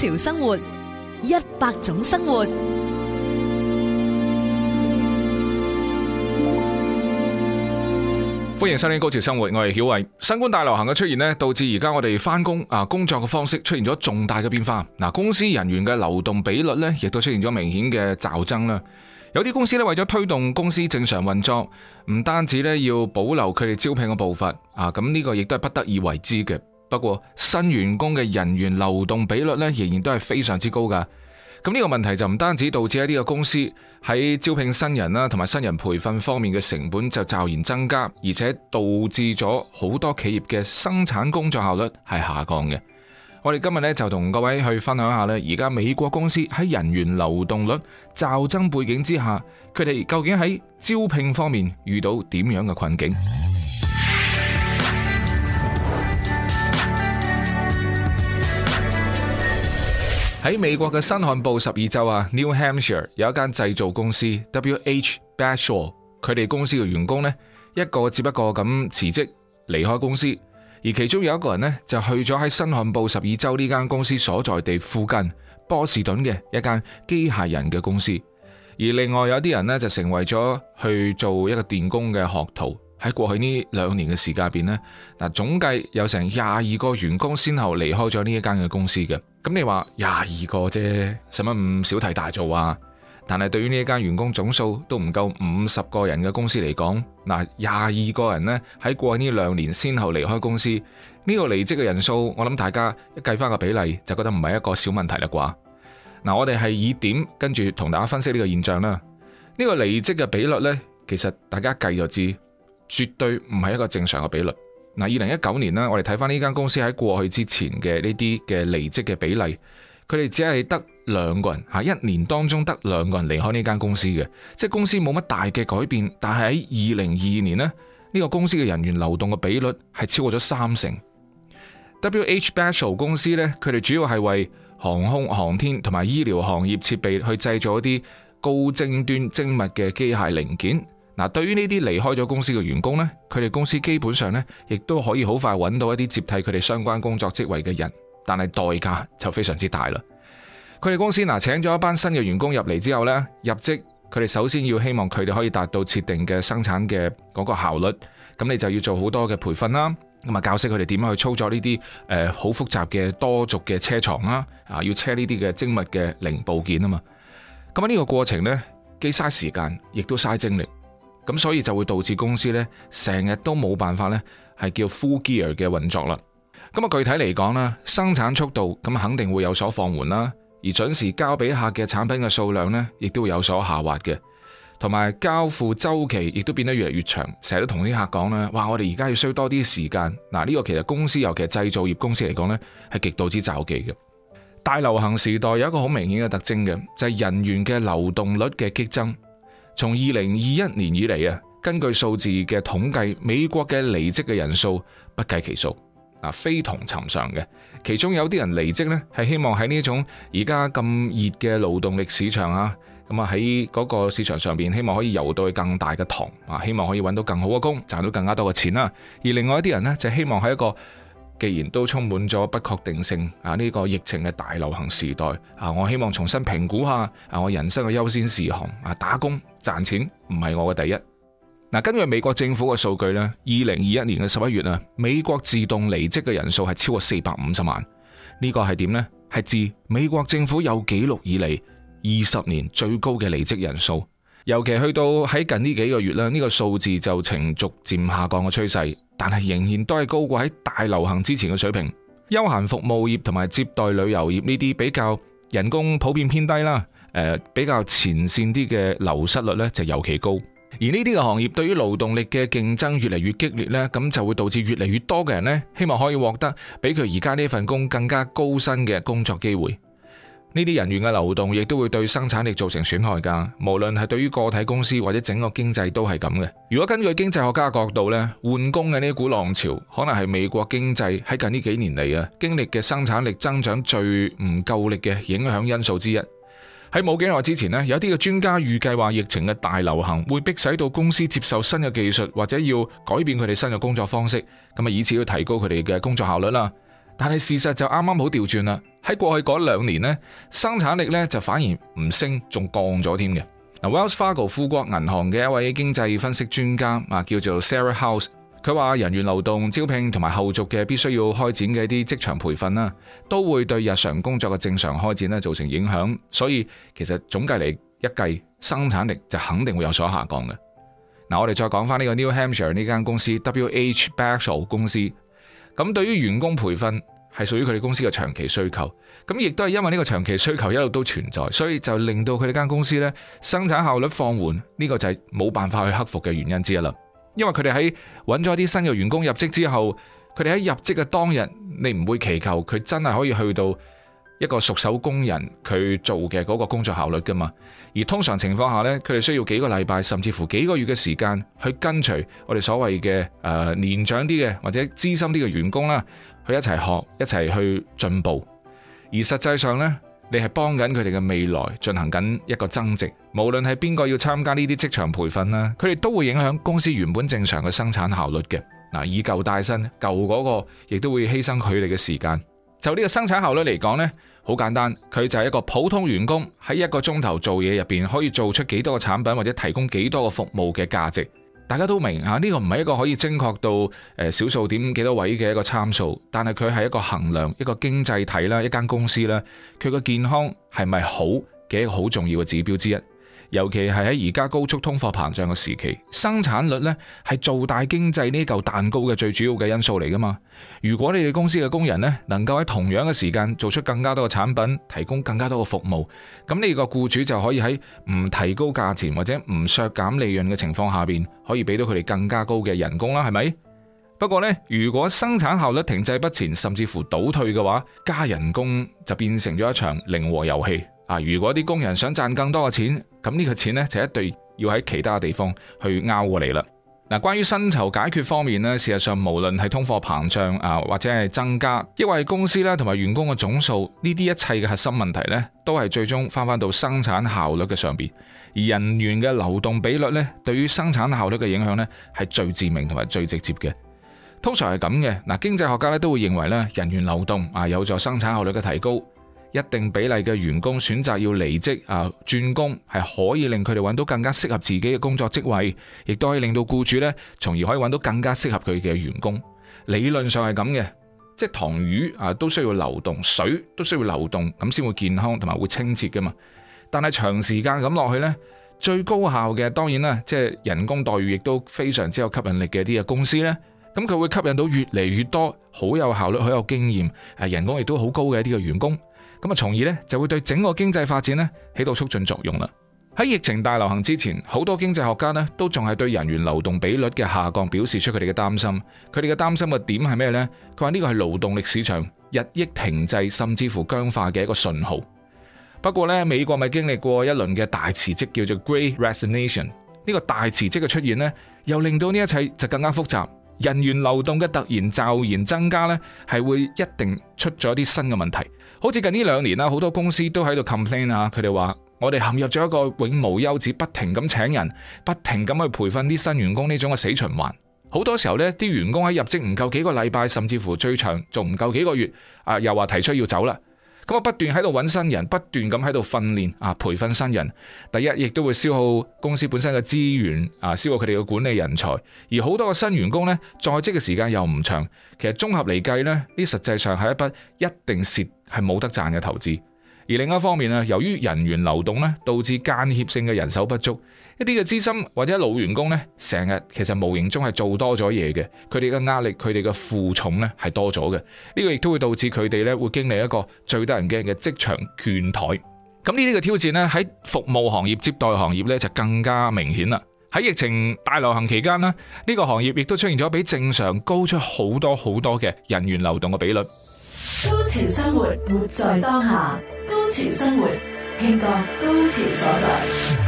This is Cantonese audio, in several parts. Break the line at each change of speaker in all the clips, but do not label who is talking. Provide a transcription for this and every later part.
潮生活，一百種生活。歡迎收聽《高潮生活》，我係曉偉。新冠大流行嘅出現咧，導致而家我哋翻工、啊工作嘅方式出現咗重大嘅變化。嗱、啊，公司人員嘅流動比率咧，亦都出現咗明顯嘅驟增啦。有啲公司咧，為咗推動公司正常運作，唔單止咧要保留佢哋招聘嘅步伐啊，咁、這、呢個亦都係不得已為之嘅。不過新員工嘅人員流動比率咧，仍然都係非常之高噶。咁呢個問題就唔單止導致喺呢個公司喺招聘新人啦，同埋新人培訓方面嘅成本就驟然增加，而且導致咗好多企業嘅生產工作效率係下降嘅。我哋今日咧就同各位去分享下咧，而家美國公司喺人員流動率驟增背景之下，佢哋究竟喺招聘方面遇到點樣嘅困境？喺美國嘅新罕布十二州啊，New Hampshire，有一間製造公司 W H Batchell，佢哋公司嘅員工呢，一個只不過咁辭職離開公司，而其中有一個人呢，就去咗喺新罕布十二州呢間公司所在地附近波士頓嘅一間機械人嘅公司，而另外有啲人呢，就成為咗去做一個電工嘅學徒。喺過去呢兩年嘅時間入邊呢，嗱，總計有成廿二個員工先後離開咗呢一間嘅公司嘅。咁你話廿二個啫，使乜咁小題大做啊？但係對於呢一間員工總數都唔夠五十個人嘅公司嚟講，嗱，廿二個人呢，喺過去呢兩年先後離開公司呢個離職嘅人數，我諗大家計翻個比例就覺得唔係一個小問題啦啩。嗱，我哋係以點跟住同大家分析呢個現象啦。呢個離職嘅比率呢，其實大家計就知。絕對唔係一個正常嘅比率。嗱，二零一九年啦，我哋睇翻呢間公司喺過去之前嘅呢啲嘅離職嘅比例，佢哋只係得兩個人吓，一年當中得兩個人離開呢間公司嘅，即係公司冇乜大嘅改變。但係喺二零二二年咧，呢個公司嘅人員流動嘅比率係超過咗三成。W H Battle 公司呢，佢哋主要係為航空航天同埋醫療行業設備去製造一啲高精端精密嘅機械零件。嗱，對於呢啲離開咗公司嘅員工呢，佢哋公司基本上呢，亦都可以好快揾到一啲接替佢哋相關工作職位嘅人，但係代價就非常之大啦。佢哋公司嗱，請咗一班新嘅員工入嚟之後呢，入職佢哋首先要希望佢哋可以達到設定嘅生產嘅嗰個效率。咁你就要做好多嘅培訓啦，咁啊教識佢哋點樣去操作呢啲誒好複雜嘅多軸嘅車床啦啊，要車呢啲嘅精密嘅零部件啊嘛。咁喺呢個過程呢，既嘥時間，亦都嘥精力。咁所以就會導致公司咧成日都冇辦法咧係叫 full gear 嘅運作啦。咁啊，具體嚟講啦，生產速度咁肯定會有所放緩啦，而準時交俾客嘅產品嘅數量呢亦都會有所下滑嘅，同埋交付周期亦都變得越嚟越長。成日都同啲客講啦，哇！我哋而家要需要多啲時間。嗱，呢個其實公司尤其係製造業公司嚟講呢，係極度之詐欺嘅。大流行時代有一個好明顯嘅特徵嘅，就係人員嘅流動率嘅激增。從二零二一年以嚟啊，根據數字嘅統計，美國嘅離職嘅人數不計其數，嗱，非同尋常嘅。其中有啲人離職呢，係希望喺呢種而家咁熱嘅勞動力市場啊，咁啊喺嗰個市場上邊，希望可以游到更大嘅塘啊，希望可以揾到更好嘅工，賺到更加多嘅錢啦，啊。而另外一啲人呢，就希望喺一個既然都充滿咗不確定性啊呢個疫情嘅大流行時代啊，我希望重新評估下啊我人生嘅優先事項啊，打工，賺錢唔係我嘅第一。嗱，根據美國政府嘅數據呢，二零二一年嘅十一月啊，美國自動離職嘅人數係超過四百五十萬。呢個係點呢？係自美國政府有紀錄以嚟二十年最高嘅離職人數。尤其去到喺近呢幾個月啦，呢個數字就呈逐漸下降嘅趨勢，但係仍然都係高過喺大流行之前嘅水平。休閒服務業同埋接待旅遊業呢啲比較，人工普遍偏低啦。誒、呃，比較前線啲嘅流失率呢，就尤其高，而呢啲嘅行業對於勞動力嘅競爭越嚟越激烈呢，咁就會導致越嚟越多嘅人呢，希望可以獲得比佢而家呢份工更加高薪嘅工作機會。呢啲人員嘅流動亦都會對生產力造成損害噶，無論係對於個體公司或者整個經濟都係咁嘅。如果根據經濟學家角度呢，換工嘅呢股浪潮可能係美國經濟喺近呢幾年嚟啊經歷嘅生產力增長最唔夠力嘅影響因素之一。喺冇幾耐之前呢，有啲嘅專家預計話疫情嘅大流行會迫使到公司接受新嘅技術或者要改變佢哋新嘅工作方式，咁啊以此去提高佢哋嘅工作效率啦。但係事實就啱啱好調轉啦。喺過去嗰兩年呢，生產力呢就反而唔升，仲降咗添嘅。嗱，Wells Fargo 富國銀行嘅一位經濟分析專家啊，叫做 Sarah House。佢話人員流動、招聘同埋後續嘅必須要開展嘅一啲職場培訓啦、啊，都會對日常工作嘅正常開展咧造成影響。所以其實總計嚟一計，生產力就肯定會有所下降嘅。嗱，我哋再講翻呢個 New Hampshire 呢間公司，WH Bagshaw 公司。咁對於員工培訓係屬於佢哋公司嘅長期需求。咁亦都係因為呢個長期需求一路都存在，所以就令到佢哋間公司咧生產效率放緩。呢、這個就係冇辦法去克服嘅原因之一啦。因為佢哋喺揾咗啲新嘅員工入職之後，佢哋喺入職嘅當日，你唔會祈求佢真係可以去到一個熟手工人佢做嘅嗰個工作效率㗎嘛。而通常情況下呢，佢哋需要幾個禮拜，甚至乎幾個月嘅時間去跟隨我哋所謂嘅誒、呃、年長啲嘅或者資深啲嘅員工啦，去一齊學，一齊去進步。而實際上呢，你係幫緊佢哋嘅未來進行緊一個增值，無論係邊個要參加呢啲職場培訓啦，佢哋都會影響公司原本正常嘅生產效率嘅。嗱，以舊帶新，舊嗰個亦都會犧牲佢哋嘅時間。就呢個生產效率嚟講呢，好簡單，佢就係一個普通員工喺一個鐘頭做嘢入邊可以做出幾多個產品或者提供幾多個服務嘅價值。大家都明嚇，呢個唔係一個可以精確到誒小數點幾多位嘅一個參數，但係佢係一個衡量一個經濟體啦、一間公司啦，佢個健康係咪好嘅一個好重要嘅指標之一。尤其係喺而家高速通貨膨脹嘅時期，生產率呢係做大經濟呢嚿蛋糕嘅最主要嘅因素嚟㗎嘛。如果你哋公司嘅工人呢能夠喺同樣嘅時間做出更加多嘅產品，提供更加多嘅服務，咁呢個僱主就可以喺唔提高價錢或者唔削減利潤嘅情況下邊，可以俾到佢哋更加高嘅人工啦，係咪？不過呢，如果生產效率停滯不前，甚至乎倒退嘅話，加人工就變成咗一場零和遊戲。啊！如果啲工人想賺更多嘅錢，咁呢個錢呢，就一定要喺其他地方去拗過嚟啦。嗱，關於薪酬解決方面呢，事實上無論係通貨膨脹啊，或者係增加，因為公司咧同埋員工嘅總數呢啲一切嘅核心問題呢，都係最終翻翻到生產效率嘅上邊。而人員嘅流動比率呢，對於生產效率嘅影響呢，係最致命同埋最直接嘅。通常係咁嘅。嗱，經濟學家咧都會認為咧，人員流動啊有助生產效率嘅提高。一定比例嘅員工選擇要離職啊，轉工係可以令佢哋揾到更加適合自己嘅工作職位，亦都可以令到僱主呢，從而可以揾到更加適合佢嘅員工。理論上係咁嘅，即係塘魚啊都需要流動，水都需要流動，咁先會健康同埋會清澈噶嘛。但係長時間咁落去呢，最高效嘅當然啦，即係人工待遇亦都非常之有吸引力嘅啲嘅公司呢，咁佢會吸引到越嚟越多好有效率、好有經驗、誒人工亦都好高嘅一啲嘅員工。咁啊，從而咧就會對整個經濟發展咧起到促進作用啦。喺疫情大流行之前，好多經濟學家呢都仲係對人員流動比率嘅下降表示出佢哋嘅擔心。佢哋嘅擔心嘅點係咩呢？佢話呢個係勞動力市場日益停滯甚至乎僵化嘅一個信號。不過呢，美國咪經歷過一輪嘅大辭職，叫做 Great Resignation。呢個大辭職嘅出現呢，又令到呢一切就更加複雜。人員流動嘅突然驟然增加呢，係會一定出咗啲新嘅問題。好似近呢兩年啦，好多公司都喺度 complain 啊，佢哋話我哋陷入咗一個永無休止、不停咁請人、不停咁去培訓啲新員工呢種嘅死循環。好多時候呢啲員工喺入職唔夠幾個禮拜，甚至乎最長仲唔夠幾個月，啊又話提出要走啦。咁我不斷喺度揾新人，不斷咁喺度訓練啊，培訓新人。第一，亦都會消耗公司本身嘅資源啊，消耗佢哋嘅管理人才。而好多嘅新員工呢，在職嘅時間又唔長。其實綜合嚟計呢，呢實際上係一筆一定蝕，係冇得賺嘅投資。而另一方面啊，由於人員流動呢，導致間歇性嘅人手不足。一啲嘅資深或者老員工呢，成日其實無形中係做多咗嘢嘅，佢哋嘅壓力、佢哋嘅負重呢，係多咗嘅。呢個亦都會導致佢哋呢會經歷一個最得人驚嘅職場倦怠。咁呢啲嘅挑戰呢，喺服務行業、接待行業呢，就更加明顯啦。喺疫情大流行期間呢，呢個行業亦都出現咗比正常高出好多好多嘅人員流動嘅比率。高潮生活，活在當下；高潮生活，慶個高潮所在。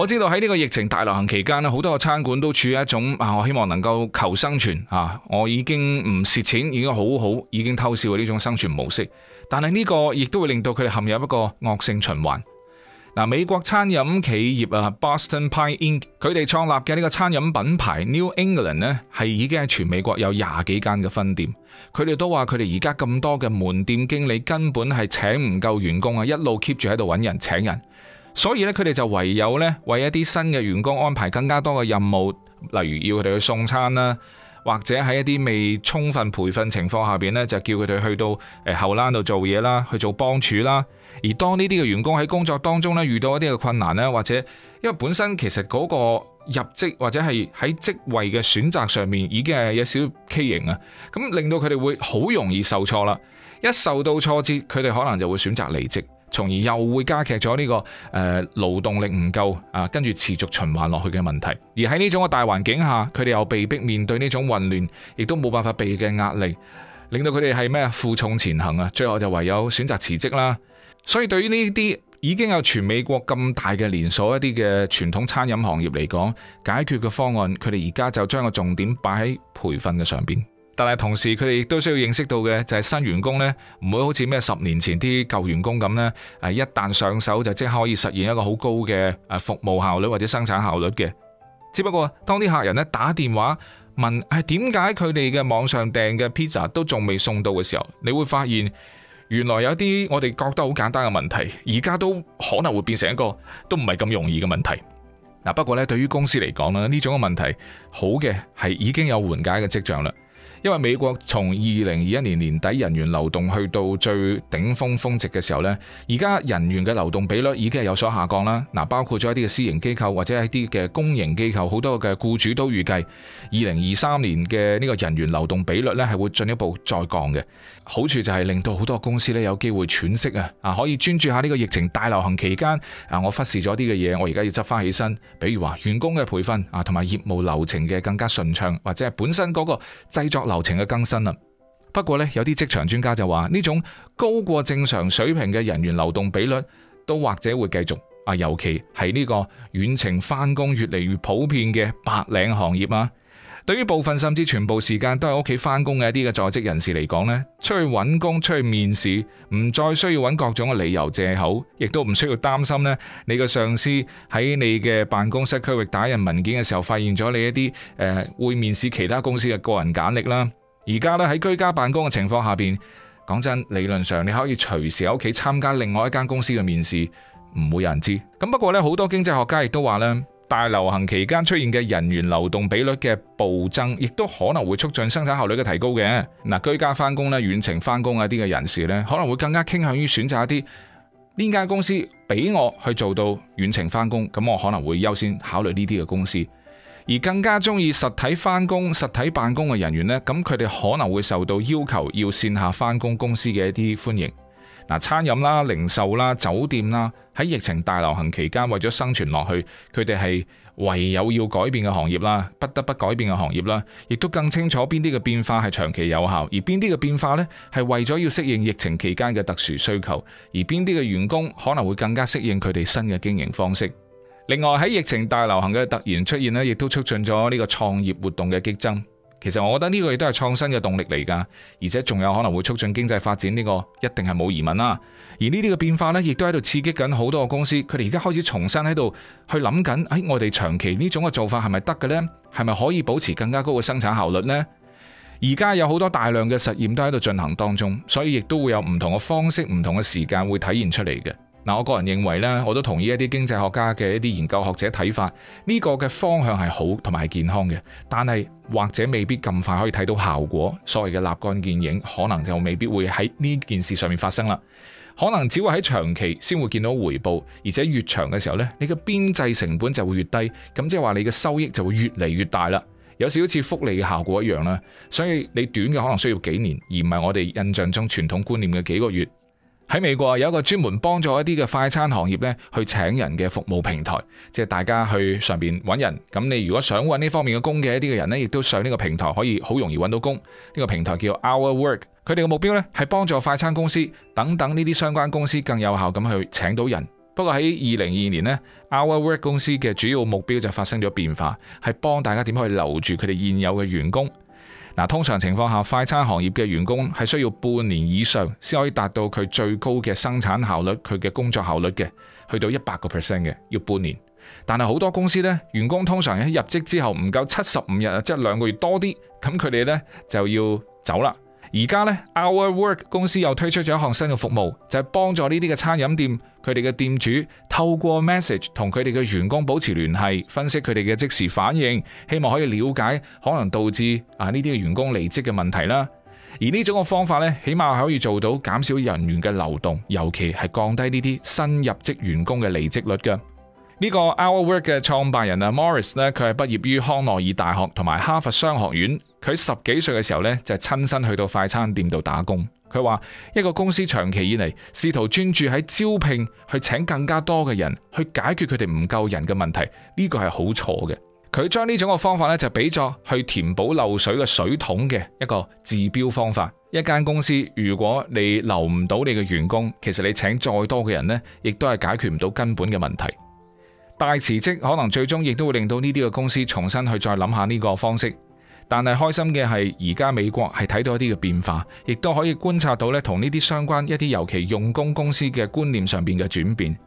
我知道喺呢個疫情大流行期間咧，好多個餐館都處於一種啊，我希望能夠求生存啊，我已經唔蝕錢，已經好好，已經偷笑嘅呢種生存模式。但係呢個亦都會令到佢哋陷入一個惡性循環。嗱，啊，美國餐飲企業啊，Boston Pie Inc，佢哋創立嘅呢個餐飲品牌 New England 咧，係已經喺全美國有廿幾間嘅分店。佢哋都話佢哋而家咁多嘅門店經理根本係請唔夠員工啊，一路 keep 住喺度搵人請人。所以咧，佢哋就唯有咧，為一啲新嘅員工安排更加多嘅任務，例如要佢哋去送餐啦，或者喺一啲未充分培訓情況下邊咧，就叫佢哋去到誒後欄度做嘢啦，去做幫廚啦。而當呢啲嘅員工喺工作當中咧，遇到一啲嘅困難咧，或者因為本身其實嗰個入職或者係喺職位嘅選擇上面已經係有少少畸形啊，咁令到佢哋會好容易受挫啦。一受到挫折，佢哋可能就會選擇離職。從而又會加劇咗呢個誒勞動力唔夠啊，跟住持續循環落去嘅問題。而喺呢種嘅大環境下，佢哋又被迫面對呢種混亂，亦都冇辦法避嘅壓力，令到佢哋係咩負重前行啊，最後就唯有選擇辭職啦。所以對於呢啲已經有全美國咁大嘅連鎖一啲嘅傳統餐飲行業嚟講，解決嘅方案，佢哋而家就將個重點擺喺培訓嘅上邊。但係同時，佢哋亦都需要認識到嘅就係新員工呢唔會好似咩十年前啲舊員工咁呢。誒，一旦上手就即刻可以實現一個好高嘅誒服務效率或者生產效率嘅。只不過當啲客人呢打電話問，係點解佢哋嘅網上訂嘅 pizza 都仲未送到嘅時候，你會發現原來有啲我哋覺得好簡單嘅問題，而家都可能會變成一個都唔係咁容易嘅問題嗱。不過呢，對於公司嚟講啦，呢種嘅問題好嘅係已經有緩解嘅跡象啦。因為美國從二零二一年年底人員流動去到最頂峰峰值嘅時候呢，而家人員嘅流動比率已經係有所下降啦。嗱，包括咗一啲嘅私營機構或者一啲嘅公營機構，好多嘅雇主都預計二零二三年嘅呢個人員流動比率呢係會進一步再降嘅。好處就係令到好多公司呢有機會喘息啊，啊可以專注下呢個疫情大流行期間啊，我忽視咗啲嘅嘢，我而家要執翻起身，比如話員工嘅培訓啊，同埋業務流程嘅更加順暢，或者係本身嗰個製作。流程嘅更新啊，不過呢，有啲職場專家就話呢種高過正常水平嘅人員流動比率，都或者會繼續啊，尤其係呢個遠程返工越嚟越普遍嘅白領行業啊。對於部分甚至全部時間都喺屋企翻工嘅一啲嘅在職人士嚟講呢，出去揾工、出去面試，唔再需要揾各種嘅理由借口，亦都唔需要擔心呢，你嘅上司喺你嘅辦公室區域打印文件嘅時候，發現咗你一啲誒、呃、會面試其他公司嘅個人簡歷啦。而家呢，喺居家辦公嘅情況下邊，講真，理論上你可以隨時喺屋企參加另外一間公司嘅面試，唔會有人知。咁不過呢，好多經濟學家亦都話呢。大流行期間出現嘅人員流動比率嘅暴增，亦都可能會促進生產效率嘅提高嘅。嗱，居家返工咧、遠程返工嗰啲嘅人士咧，可能會更加傾向於選擇一啲呢間公司俾我去做到遠程返工，咁我可能會優先考慮呢啲嘅公司。而更加鍾意實體返工、實體辦公嘅人員呢，咁佢哋可能會受到要求要線下返工公司嘅一啲歡迎。餐飲啦、零售啦、酒店啦，喺疫情大流行期間，為咗生存落去，佢哋係唯有要改變嘅行業啦，不得不改變嘅行業啦，亦都更清楚邊啲嘅變化係長期有效，而邊啲嘅變化呢係為咗要適應疫情期間嘅特殊需求，而邊啲嘅員工可能會更加適應佢哋新嘅經營方式。另外，喺疫情大流行嘅突然出現呢，亦都促進咗呢個創業活動嘅激增。其實我覺得呢個亦都係創新嘅動力嚟噶，而且仲有可能會促進經濟發展。呢個一定係冇疑問啦。而呢啲嘅變化呢，亦都喺度刺激緊好多個公司，佢哋而家開始重新喺度去諗緊，喺、哎，我哋長期呢種嘅做法係咪得嘅呢？係咪可以保持更加高嘅生產效率呢？」而家有好多大量嘅實驗都喺度進行當中，所以亦都會有唔同嘅方式、唔同嘅時間會體現出嚟嘅。我個人認為咧，我都同意一啲經濟學家嘅一啲研究學者睇法，呢個嘅方向係好同埋係健康嘅，但係或者未必咁快可以睇到效果。所謂嘅立竿見影，可能就未必會喺呢件事上面發生啦。可能只會喺長期先會見到回報，而且越長嘅時候呢，你嘅邊際成本就會越低，咁即係話你嘅收益就會越嚟越大啦。有少少似福利嘅效果一樣啦。所以你短嘅可能需要幾年，而唔係我哋印象中傳統觀念嘅幾個月。喺美國有一個專門幫助一啲嘅快餐行業咧，去請人嘅服務平台，即係大家去上邊揾人。咁你如果想揾呢方面嘅工嘅一啲嘅人咧，亦都上呢個平台可以好容易揾到工。呢個平台叫 Our Work，佢哋嘅目標咧係幫助快餐公司等等呢啲相關公司更有效咁去請到人。不過喺二零二年咧，Our Work 公司嘅主要目標就發生咗變化，係幫大家點去留住佢哋現有嘅員工。嗱，通常情況下，快餐行業嘅員工係需要半年以上先可以達到佢最高嘅生產效率，佢嘅工作效率嘅，去到一百個 percent 嘅，要半年。但係好多公司呢，員工通常喺入職之後唔夠七十五日啊，即係兩個月多啲，咁佢哋呢就要走啦。而家呢，Our Work 公司又推出咗一項新嘅服務，就係幫助呢啲嘅餐飲店。佢哋嘅店主透過 message 同佢哋嘅員工保持聯繫，分析佢哋嘅即時反應，希望可以了解可能導致啊呢啲嘅員工離職嘅問題啦。而呢種嘅方法咧，起碼可以做到減少人員嘅流動，尤其係降低呢啲新入職員工嘅離職率嘅。呢、這個 Our Work 嘅創辦人啊 Morris 咧，佢係畢業於康奈爾大學同埋哈佛商學院，佢十幾歲嘅時候咧就係、親身去到快餐店度打工。佢話：一個公司長期以嚟試圖專注喺招聘，去請更加多嘅人去解決佢哋唔夠人嘅問題，呢個係好錯嘅。佢將呢種嘅方法咧，就比作去填補漏水嘅水桶嘅一個治標方法。一間公司如果你留唔到你嘅員工，其實你請再多嘅人呢，亦都係解決唔到根本嘅問題。大辭職可能最終亦都會令到呢啲嘅公司重新去再諗下呢個方式。但係開心嘅係，而家美國係睇到一啲嘅變化，亦都可以觀察到咧，同呢啲相關一啲，尤其用工公司嘅觀念上邊嘅轉變。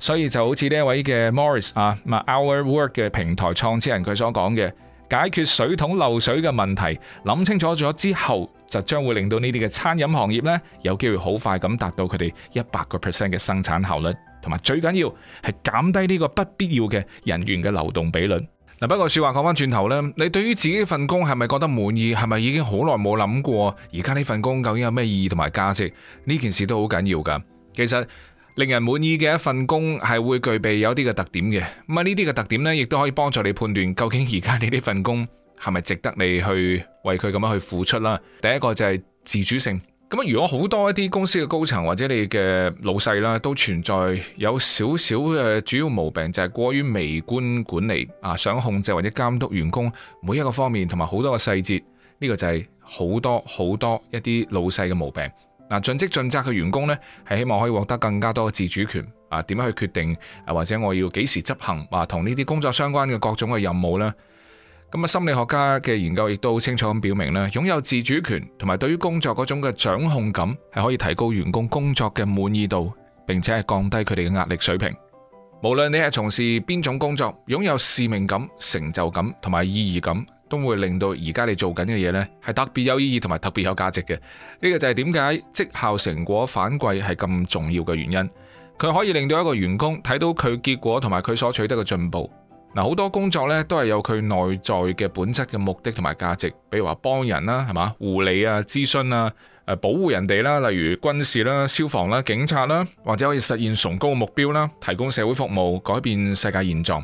所以就好似呢一位嘅 Morris 啊，uh，Our Work 嘅平台創始人佢所講嘅，解決水桶漏水嘅問題，諗清楚咗之後，就將會令到呢啲嘅餐飲行業咧，有機會好快咁達到佢哋一百個 percent 嘅生產效率，同埋最緊要係減低呢個不必要嘅人員嘅流動比率。嗱，不過說話講翻轉頭咧，你對於自己份工係咪覺得滿意？係咪已經好耐冇諗過？而家呢份工究竟有咩意義同埋價值？呢件事都好緊要噶。其實令人滿意嘅一份工係會具備有啲嘅特點嘅，咁啊呢啲嘅特點咧，亦都可以幫助你判斷究竟而家你呢份工係咪值得你去為佢咁樣去付出啦。第一個就係自主性。咁如果好多一啲公司嘅高層或者你嘅老細啦，都存在有少少嘅主要毛病，就係過於微觀管理啊，想控制或者監督員工每一個方面同埋好多嘅細節，呢個就係好多好多一啲老細嘅毛病。嗱，盡職盡責嘅員工呢，係希望可以獲得更加多嘅自主權啊，點樣去決定啊，或者我要幾時執行啊，同呢啲工作相關嘅各種嘅任務呢。咁啊，心理學家嘅研究亦都好清楚咁表明咧，擁有自主權同埋對於工作嗰種嘅掌控感，係可以提高員工工作嘅滿意度，並且係降低佢哋嘅壓力水平。無論你係從事邊種工作，擁有使命感、成就感同埋意義感，都會令到而家你做緊嘅嘢咧係特別有意義同埋特別有價值嘅。呢個就係點解績效成果反饋係咁重要嘅原因，佢可以令到一個員工睇到佢結果同埋佢所取得嘅進步。嗱，好多工作咧都係有佢內在嘅本質嘅目的同埋價值，比如話幫人啦，係嘛？護理啊、諮詢啊、誒保護人哋啦，例如軍事啦、消防啦、警察啦，或者可以實現崇高嘅目標啦，提供社會服務、改變世界現狀。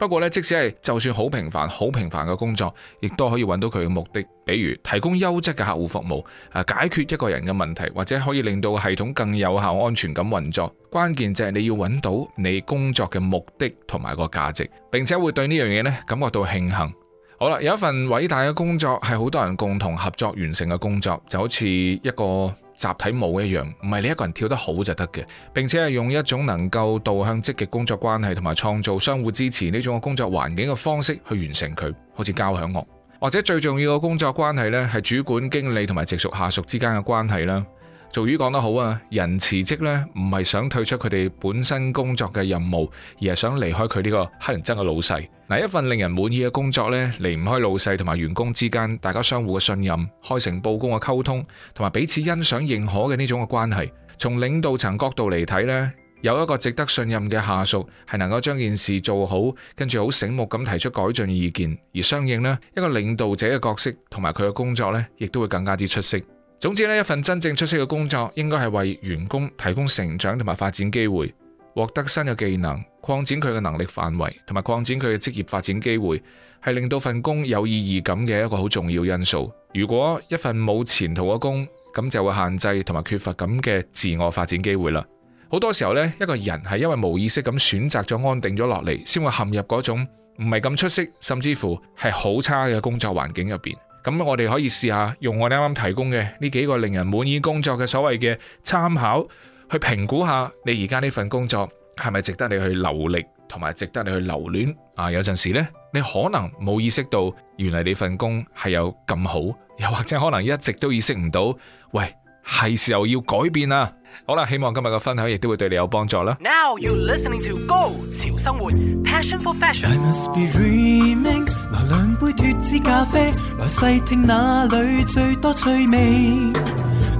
不過咧，即使係就算好平凡、好平凡嘅工作，亦都可以揾到佢嘅目的。比如提供優質嘅客戶服務，啊，解決一個人嘅問題，或者可以令到系統更有效、安全咁運作。關鍵就係你要揾到你工作嘅目的同埋個價值，並且會對呢樣嘢咧感覺到慶幸。好啦，有一份偉大嘅工作係好多人共同合作完成嘅工作，就好似一個。集體舞一樣，唔係你一個人跳得好就得嘅，並且係用一種能夠導向積極工作關係同埋創造相互支持呢種嘅工作環境嘅方式去完成佢，好似交響樂，或者最重要嘅工作關係呢，係主管經理同埋直屬下屬之間嘅關係啦。俗語講得好啊，人辭職咧唔係想退出佢哋本身工作嘅任務，而係想離開佢呢個黑人憎嘅老細。嗱，一份令人滿意嘅工作咧，離唔開老細同埋員工之間大家相互嘅信任、開誠布公嘅溝通，同埋彼此欣賞、認可嘅呢種嘅關係。從領導層角度嚟睇咧，有一個值得信任嘅下屬係能夠將件事做好，跟住好醒目咁提出改進意見，而相應呢，一個領導者嘅角色同埋佢嘅工作咧，亦都會更加之出色。總之呢一份真正出色嘅工作，應該係為員工提供成長同埋發展機會，獲得新嘅技能，擴展佢嘅能力範圍，同埋擴展佢嘅職業發展機會，係令到份工有意義感嘅一個好重要因素。如果一份冇前途嘅工，咁就會限制同埋缺乏咁嘅自我發展機會啦。好多時候呢一個人係因為冇意識咁選擇咗安定咗落嚟，先會陷入嗰種唔係咁出色，甚至乎係好差嘅工作環境入邊。咁我哋可以試下用我哋啱啱提供嘅呢幾個令人滿意工作嘅所謂嘅參考，去評估下你而家呢份工作係咪值得你去留力同埋值得你去留戀啊？有陣時咧，你可能冇意識到，原來你份工係有咁好，又或者可能一直都意識唔到，喂，係時候要改變啦。好啦，希望今日嘅分享亦都會對你有幫助啦。Now you listening to 高潮生活，Passion for fashion。I must be dreaming。來兩杯脫脂咖啡，來細聽哪裏最多趣味。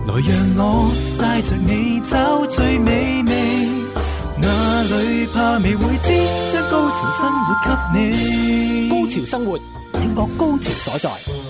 來讓我帶着你找最美味，哪裏怕未會知，將高潮生活給你。高潮生活，聽我高潮所在。